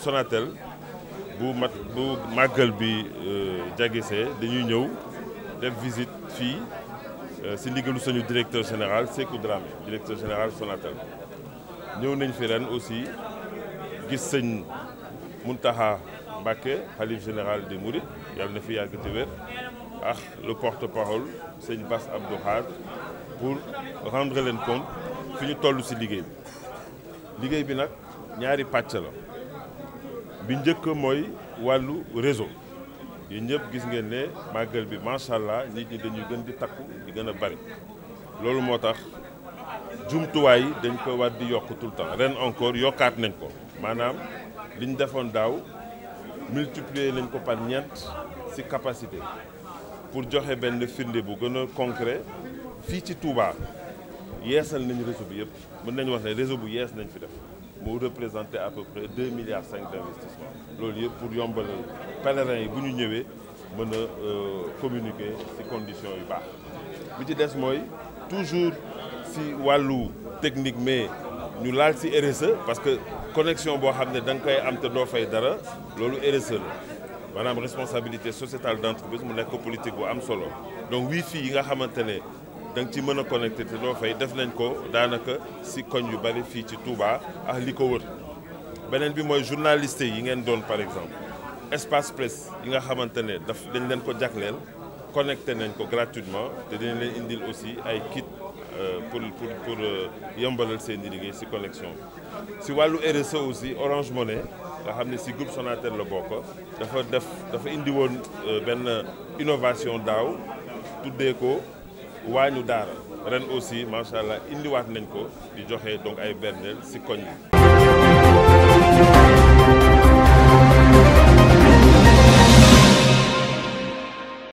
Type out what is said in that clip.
Sonatel bu mat bu màggal bi euh, jagisee dañuy ñëw def visite fii euh, si ndigalu suñu directeur général Sékou Dramé directeur général Sonatel ñëw nañ fi ren aussi gis sëñ Mountakha Mbacké xalif général di Mourides yàlla na fi yàgg te ak le porte-parole sëñ Bass Abdou Khadre pour rendre leen compte fi ñu toll si liggéey bi liggéey bi nag ñaari pàcc la bi njëkk mooy wàllu réseau yi ñëpp gis ngeen ne màggal bi macha allah nit ñi dañuy gën di takku di gën a bari loolu moo tax jumtuwaay yi dañ ko war di yokk tout temps ren encore yokkaat nañ ko maanaam li defoon daaw multiplier nañ ko par ñeent ci capacité pour joxe benn firnde bu gën a concret fii ci tuubaa yeesal nañ réseau bi yëpp mën nañu wax ne réseau bu yees nañ fi def moo représenté à peu près deux milliards cinq d' loolu yëpp pour yombalal pèlerins yi bu ñu ñëwee mën a euh, communiquer ci conditions yu baax bi ci des mooy toujours ci wàllu technique mais ñu laal ci RSE parce que connexion boo xam ne danga koy am te doo fay dara loolu RSE la maanaam responsabilité sociétale d' entreprise mu nekk politique bu am solo donc wifi yi nga xamante ne. da nga ci mën a connecté te doo fay def nañ ko daanaka si koñ yu bari fii ci Touba ak li ko wër beneen bi mooy journaliste yi ngeen doon par exemple espace presse yi nga xamante ne daf dañ leen ko jagleel connecté nañ ko gratuitement te dañ leen indil aussi ay kit euh, pour pour pour euh, yombalal seen i liggéey si connexion si wàllu RSE aussi Orange Money nga xam ne si groupe Sonatel la bokk dafa def dafa indi woon euh, benn innovation daaw tuddee ko. waañu daara ren aussi macha allah indiwaat nañ ko di joxe donc ay berndeel si koñ bi.